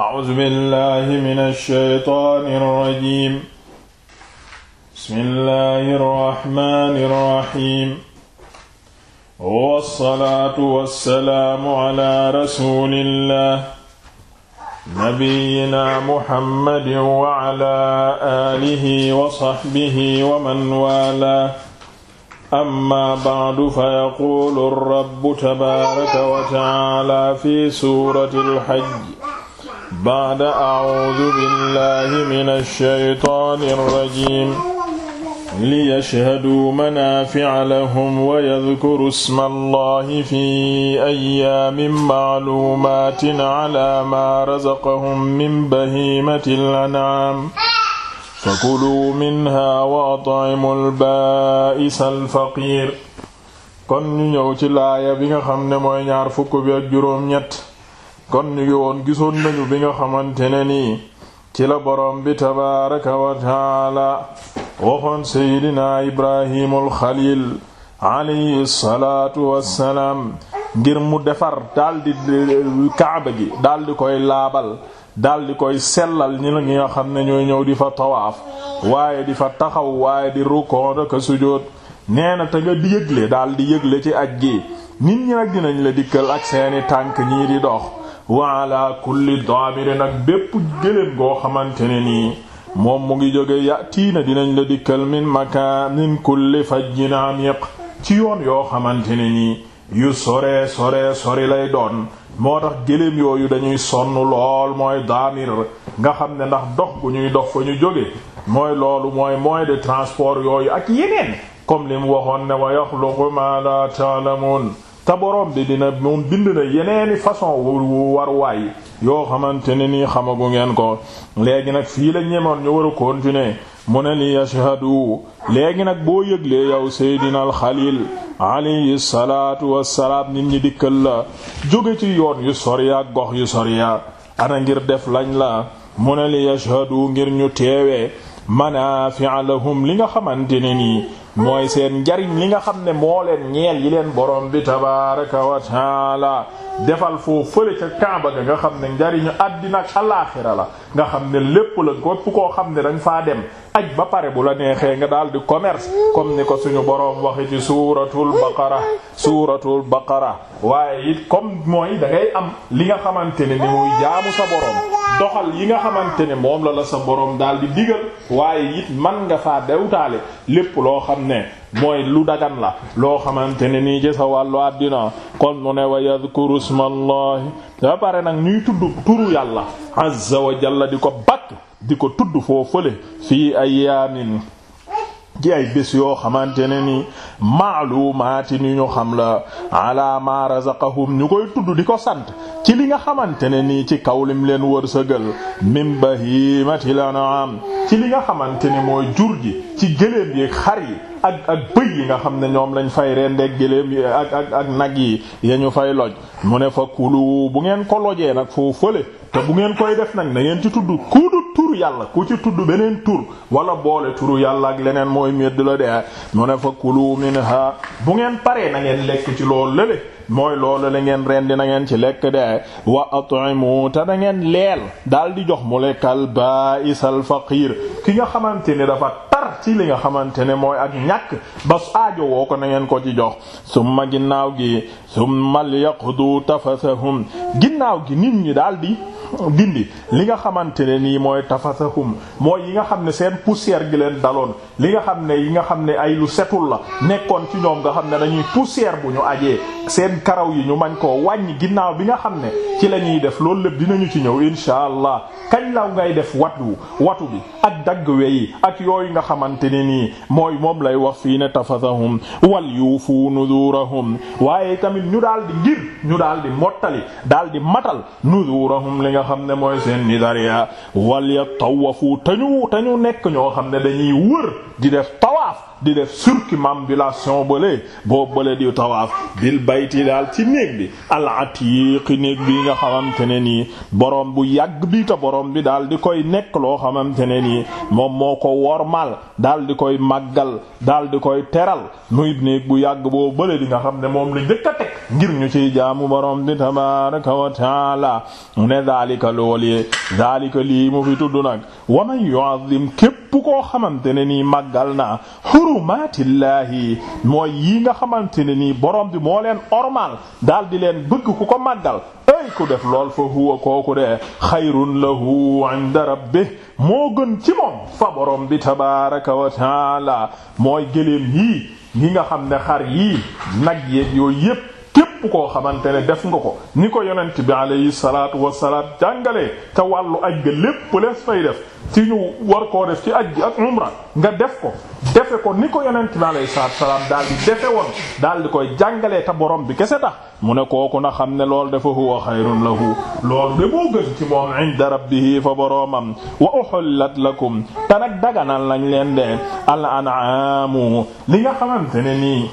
أعوذ بالله من الشيطان الرجيم بسم الله الرحمن الرحيم والصلاة والسلام على رسول الله نبينا محمد وعلى آله وصحبه ومن والاه أما بعد فيقول الرب تبارك وتعالى في سورة الحج baada a'uudu billahi mina shaytaani rajiim liyashhaduu manaafi'a lahum wa yadkuruu isma allahi fi ayyaamin ma'luumaatin 'alaa maa razaqahum min bahiimatil an'aam fakuluu minhaa wa at'imul baa'isal faqiir kon ñu ñëw ci laaya bi nga xam ne mooy ñaar fukk bi ak juróom ñett kon ñu ngi woon gisoon nañu bi nga xamante ne nii ci la boroom bi tabaaraka wa taala waxoon seydinaa ibrahimul xalil alayhi salaatu wassalaam ngir mu defar daldi kaaba gi daldi koy laabal daldi koy sellal ñi la ngi nga xam ne ñooy ñëw di fa tawaaf waaye di fa taxaw waaye di rukkoo ak sujjóot nee na te nga di yëgle daldi yëgle ci aj gi nit ñi nag dinañ la dikkal ak seeni tànk ñii di dox wa ala kulli daamirin nag bépp gëléem goo xamante ne nii moom mu ngi jóge yatiina dinañ la dikkal min makaanin kulli fajjin amiq ci yoon yoo xamante ne nii yu sore sore sori lay doon moo tax gëléem yooyu dañuy sonn lool mooy daamir nga xam ne ndax dox gu ñuy dox fa ñu jóge mooy loolu mooy moyen de transport yooyu ak yeneen comme li mu waxoon ne wa yaxluqu ma la ta'lamun te borom bi dina moom bind na yeneeni façon wu war waay yoo xamante ne nii xamagu ngeen ko léegi nag fii la ñemoon ñu war a continuer mu ne li yashhadu léegi nag boo yëglee yow seydina alxalil alayhi salaatu wassalaam nit ñi dikkal la jóge ci yoon yu soriya ak gox yu soriya ana ngir def lañ la mu ne li yashhadu ngir ñu teewee manaafi'a lahum li nga xamante ne nii mooy seen njariñ li nga xam ne moo leen ñeel yi leen borom bi tabaraka wa taala defal foo fële ca kaaba ga nga xam ne njariñu àddina ak alaaxira la nga xam ne lépp la képp koo xam ne dañ faa dem aj ba pare bu la neexee nga daal di commerce comme ni ko suñu boroom waxe ci suuratul baqara suuratul baqara waaye it comme mooy da ngay am li nga xamante ne ni muy jaamu sa boroom doxal yi nga xamante ne moom la la sa boroom daal di digal waaye it man nga faa dewtaale lépp loo xam ne mooy lu dagan la loo xamante ne ni ci sa wàllu àddina kon mu ne wa yadhkuru smallahi da pare nag ñuy tudd turu yàlla azza wa di ko bakk di ko tudd foo fële fii ci ay bés yoo xamante ne ni maalumaatin nu ñu xam la ala ma razaqahum ñu koy tudd di ko sant nga xamante ne nii ci kaw lim leen wërsëgal min bahimatil an'am ci li nga xamante ne mooy jur gi ci gëléem yi xar yi ak ak bëy yi nga xam ne ñoom lañ fay rendeeg gëléem yi ak ak ak nag yi ya ñu fay loj mu ne fa kulu bu ngeen ko lojee nag foo fële te bu ngeen koy def nag na ngeen ci tudd kuudu turu yàlla ku ci tudd beneen tur wala boole turu yàlla ak leneen mooy medd la dee mu ne fa kulu minha bu ngeen paree na lekk ci lool lële mooy loolu la ngeen rendi na ngeen ci lekk dee wa at'imu te na ngeen leel dal di jox mu lekkal ba'isal faqir ki nga xamante ne dafa tar ci li nga xamante ne mooy ak ñàkk ba aajo woo ko nangeen ko ci jox summa ginnaaw gi summa liyaqdu tafathahum ginnaaw gi nit ñi daal di dindi li nga xamante ne nii mooy tafasahum mooy yi nga xam ne seen poussière gi leen daloon li nga xam ne yi nga xam ne ay lu setul la nekkoon ci ñoom nga xam ne dañuy poussière bu ñu ajee seen karaw yi ñu mañ koo wàññi ginnaaw bi nga xam ne ci la ñuy def loolu lépp dinañu ci ñëw insha allah kañ law ngay def watu watu bi ak dagg weyi ak yooyu nga xamante ne nii mooy moom lay wax fii ne tafasahum wal yuufu nuzurahum waaye tamit ñu daal ngir ñu daal di mottali daal nga xam ne mooy seen nidariya wal yatawafu tañu tañu nekk ñoo xam ne dañuy wër di def tawaaf di def mam circumambulation bële boo bële di tawaaf bil bayti daal ci néeg bi al atiq néeg bi nga xamante ne nii boroom bu yàgg bi boroom bi daal di koy nekk loo xamante ne nii moom moo ko wormal daal di koy màggal daal di koy teral muy néeg bu yàgg boo bële di nga xam ne moom la njëkk a teg ngir ñu ciy jaamu borom bi tabaraka wa taala mu ne daalika loolu yee daalika lii mu fi tudd nag waman yu'azzim képp képp koo xamante ne nii màggal naa xurumaatillaahi mooy yi nga xamante ne nii borom bi moo leen ormal daal di leen bëgg ku ko màggal ay ku def lool fa huwa kooku de xayrun lahu inda rabbih moo gën ci moom fa borom bi tabaraka wa taala mooy gëléem yii ñi nga xam ne xar yii nag yeeg yooyu yépp képp koo xamante ne def nga ko ni ko yonent bi alayhi salaatu wasalaam jàngalee ca wàllu aj ga lépp lees fay def ci ñu war koo def ci aj gi ak umra nga def ko defe ko ni ko yonent bi alayhi salaatu wasalaam daal di defe woon daal koy jàngalee ta borom bi kese tax mu ne kooku na xam ne loolu dafa huwa xayrun lahu loolu de moo gën ci moom inda rabbihi fa boroomam wa uhillat lakum te nag daganal lañ leen de al an'aamu li nga xamante ne nii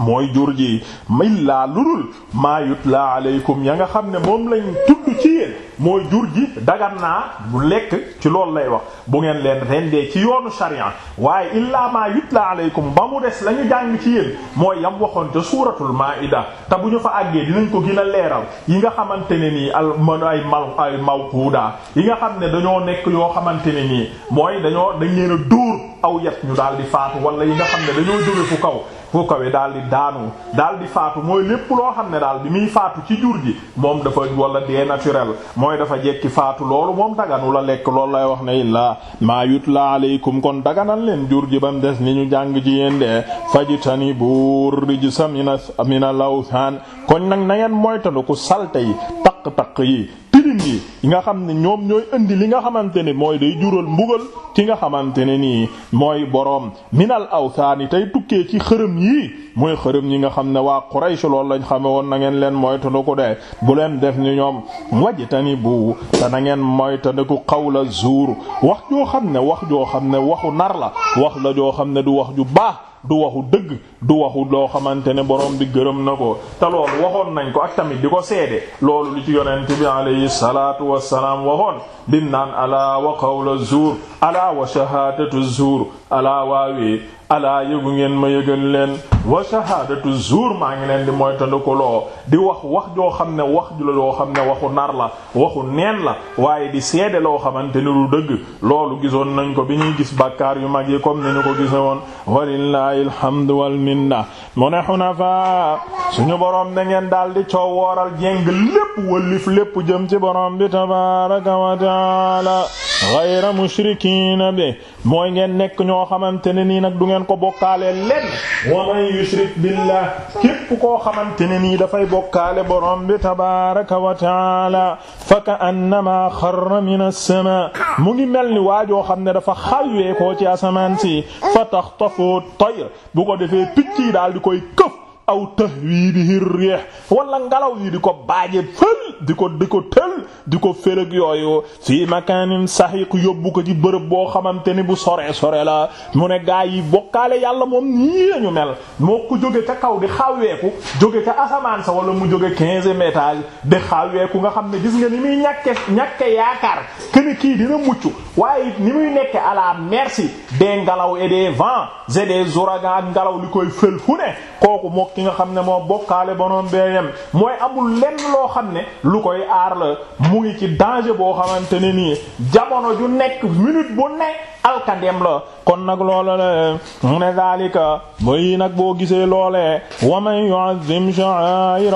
mooy jur ji illaa ludul maa yutla aleykum ya nga xam ne moom lañu tudd ci yéen mooy jur ji dagan naa bu lekk ci loolu lay wax bu ngeen leen rendee ci yoonu sharia waaye illaa maa yutla aleykum ba mu des lañu ñu jàng ci yéen mooy yam waxoon ca suuratul maa'ida te bu ñu fa àggee dinañ ko gën a leeral yi nga xamante ne nii al ay mal ay mawquuda yi nga xam ne dañoo nekk yoo xamante ne nii mooy dañoo dañ leen a dóor aw yat ñu daal di faatu wala yi nga xam ne dañoo jóge fu kaw ku kawe daal di daanu daal di faatu mooy lépp loo xam ne daal bi muy faatu ci jur ji moom dafa wala dee naturel mooy dafa jekki faatu loolu moom daganu la lekk loolu lay wax ne illaa maa yutla aleykum kon daganal leen jur ji bam des ni ñu jàng ci yéen de fajitani buur rijsa mina mina lawthan koñ nag na ngeen moytandu ku salte yi taq-taq yi sëriñ yi yi nga xam ne ñoom ñooy indi li nga xamante ne mooy day jural mbugal ki nga xamante ne nii mooy boroom minal awsaani tey tukkee ci xërëm yii mooy xërëm yi nga xam ne waa Quraysh loolu lañ xame woon na ngeen leen moytandiku de bu leen def ni ñoom wajtani bu te na ku xaw la zuur wax joo xam ne wax joo xam ne waxu nar la wax la joo xam ne du wax ju baax du waxu dëgg du waxu loo xamante ne borom bi gërëm na ko te loolu waxoon nañ ko ak tamit di ko seede loolu li ci yonent bi alayhi salaatu wassalaam waxoon di naan alaa wa qawla zuur alaa wa shahaadatu zuur alaa waawee alaa yëgu ngeen ma yëgal leen wa shahaadatu jour maa ngi leen di loo di wax wax joo xam ne wax ju la loo xam ne waxu nar la waxu neen la waaye di seede loo xamante ni lu dëgg loolu gisoon nañ ko bi ñuy gis bàkkaar yu mag yi comme ni ñu ko gise woon walillahi alhamdu wal minna mu ne xunafaa ñu boroom da ngeen daal di coow wooral jéng lépp wëllif lépp jëm ci boroom bi tabaaraka wa taala ghayra mushrikiina bi mooy ngeen nekk ñoo xamante ne nii nag du ngeen ko bokkaale len wa man yushrik billah képp koo xamante ne nii dafay bokkaale borom bi tabaaraka wa taala fa ka annama xarra min as-samaa mu ngi mel ni waajoo xam ne dafa xawwee ko ci asamaan si fa taxtafu tayr bu ko defee picc yi daal di koy këf aw tahwiibihi riih wala ngelaw yi di ko baaje fël di ko di ko tël di ko fëlëg yooyu fii makaanin sahiq yóbbu ko ci bërëb boo xamante ni bu sore sore la mu ne gaa yi bokkaale yàlla moom nii lañu mel moo ko jóge ca kaw di xawweeku jóge ca asamaan sa wala mu jóge quinzième étage di xawweeku nga xam ne gis nga ni muy ñàkke ñàkke yaakaar kene kii dina mucc waaye ni muy nekke à merci des ngelaw et des vents et des ouragans ngelaw li koy fël fu ne kooku mokk ki nga xam ne moo bokkaale bonoom beeyam mooy amul lenn loo xam ne lu koy aar la mu ngi ci danger boo xamante ne nii jamono ju nekk minute bu nekk alkandem la kon nag loola la mu ne daalika mooy nag boo gisee loolee wa man yu'azzim sha'air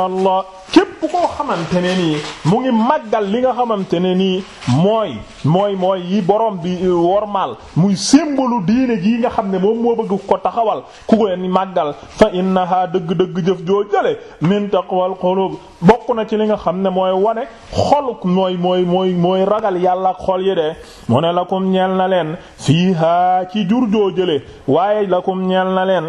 képp koo xamante ne nii mu ngi màggal li nga xamante ne nii mooy mooy mooy yi boroom bi euh, wormaal muy simbalu diine ji nga xam ne moom moo bëgg ko taxawal ku ko leen màggal fa innaha dëgg-dëgg jëf joo jële min bokk na ci li nga xam ne mooy wane xoluk mooy mooy mooy mooy ragal yàlla ak xol yi de mu ne na leen fiiha ci jur joo jële waaye lakum ñeel na leen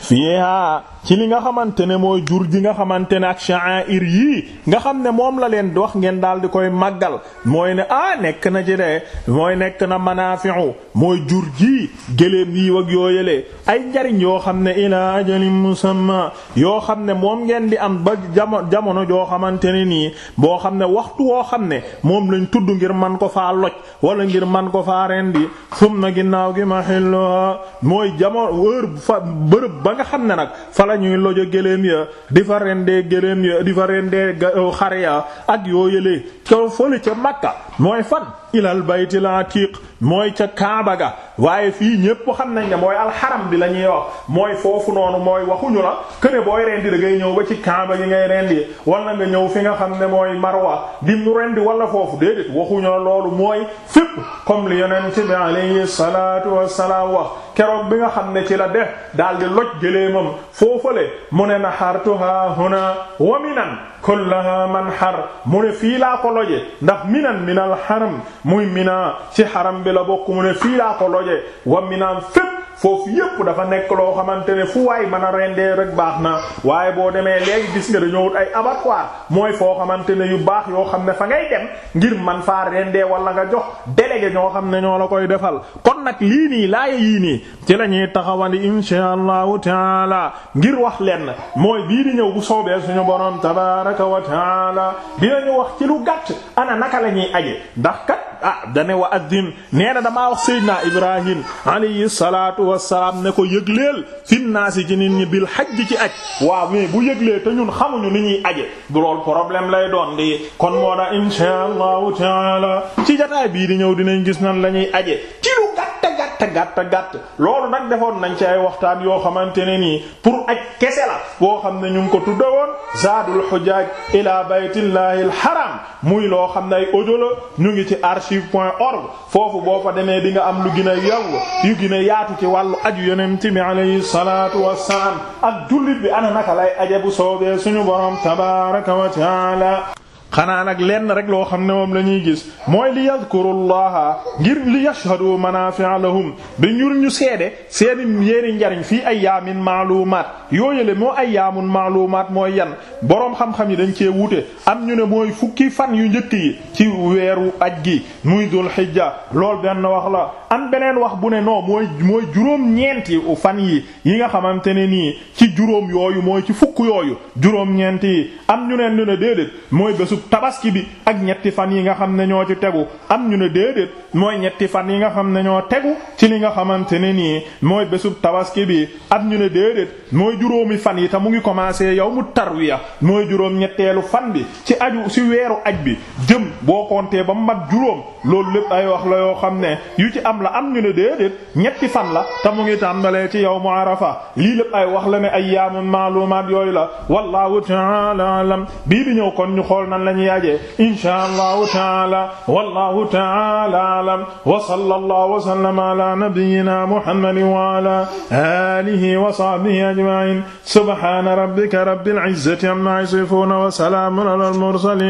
fiiha ci li nga xamante ne mooy jur ji nga xamante ne ak sha'air yii nga xam ne moom la leen wax ngeen daal di koy màggal mooy ne ah nekk na ci de mooy nekk na manaafi'u mooy jur ji gëléem yi wag yoo yëlee ay njariñ yoo xam ne ila ajalin musamma yoo xam ne moom ngeen di am ba jamono joo xamante ne nii boo xam ne waxtu woo xam ne moom lañ tudd ngir man ko faa loj wala ngir man ko faa rendi sum na ginnaaw gi ma xilluha mooy jamono heure fa bërëb ba nga xam ne la ñuy lojo géléem ya di fa rendee géléem ya di fa rendee euh, xare ya ak yoo yëlee ca fële ca Makka mooy fan ilal baytil atiq mooy ca Kaaba ga waaye fii ñépp xam nañ ne mooy alxaram bi la ñuy wax mooy foofu noonu mooy waxuñu la këne booy rendi da ngay ñëw ba ci kaaba gi ngay rendi wala nga ñëw fi nga xam ne mooy wa di mu rendi wala foofu déedéet waxuñu la loolu mooy fépp comme li yonent bi alayhi salaatu wassalaam wax keroog bi nga xam ne ci la def daal di loj gëléemam foofale mu ne naxartuha huna wa minan kullaha manhar mu ne fii laa ko loje ndax minan minal xaram muy mina ci xaram bi la bokk mu ne fii jooje waminaan fépp foofu yépp dafa nekk loo xamante ne fu waay man a rendee rek baax na waaye boo demee léegi gis nga dañoo wut ay abattoir mooy foo xamante ne yu baax yoo xam ne fa ngay dem ngir man faa rendee walla nga jox délégué ñoo xam ne ñoo la koy defal kon nag lii nii laaya yii nii ci la ñuy taxawandi insha allahu taala ngir wax leen mooy bii di ñëw bu soobee suñu borom tabaraka wa taala dinañu wax ci lu gàtt ana naka la aje ndax kat ah dane wa addin nee na damaa wax Seydina Ibrahim alayhi salaatu wassalaam ne ko yëgleel finnaasi ci nit ñi bil hajj ci aj waaw mais bu yëglee te ñun xamuñu ni ñuy aje bu lool lay doon di kon moo na insha allahu taala ci jotaay bii di ñëw dinañ gis nan lañuy aje gàtta gàtta gàtt loolu nag defoon nañ ci ay waxtaan yoo xamante ne nii pour aj kese la boo xam ne ñu ngi ko tuddawoon zaadul xujaaj ila baytillahi al haram muy loo xam ne ay audio la ñu ngi ci archive point org foofu boo fa demee di nga am lu gën a yawwa yu gën yaatu ci wàllu aju yonent bi alayhi salaatu wassalaam ak jullit bi ana naka lay aje soobee suñu borom tabaaraka wa xanaa nag lenn rek loo xam ne moom la ñuy gis mooy li yadkurullaha ngir li yashhadu manafi'a lahum bi ñur ñu seede seeni yéeni njariñ fii ay ayyaamin maalumaat yooyale moo ayyaamun maalumaat mooy yan boroom xam-xam yi dañ cee wuute am ñu ne mooy fukki fan yu njëkk yi ci weeru aj gi muy dul xijja lool benn wax la am beneen wax bu ne non mooy mooy juróom ñeenti fan yi yi nga xamante ne nii ci juróom yooyu mooy ci fukk yooyu juróom ñeenti yi am ñu ne ñu tabaski bi ak ñetti fan yi nga xam ne ñoo ci tegu am ñu ne déedéet mooy ñetti fan yi nga xam ne ñoo tegu ci li nga xamante ni nii mooy bésub tabaski bi am ñu ne déedéet mooy juróomi fan yi te mu ngi commencé yow mu tarwiya mooy juróom ñetteelu fan bi ci aju ci weeru aj bi jëm boo compter ba mu mat juróom loolu lépp ay wax la yoo xam ne yu ci am la am ñu ne déedéet ñetti fan la te mu ngi tàmbalee ci mu arafa lii lépp ay wax la ne ayyaamun ma'luumaat yooyu la lañuy aje insha allahu taala wallahu taala alam wa sallallahu wa sallama ala nabiyyina muhammadin wa ala alihi wa sahbihi ajma'in subhana rabbika rabbil izzati amma yasifun wa salamun alal mursalin